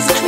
comes.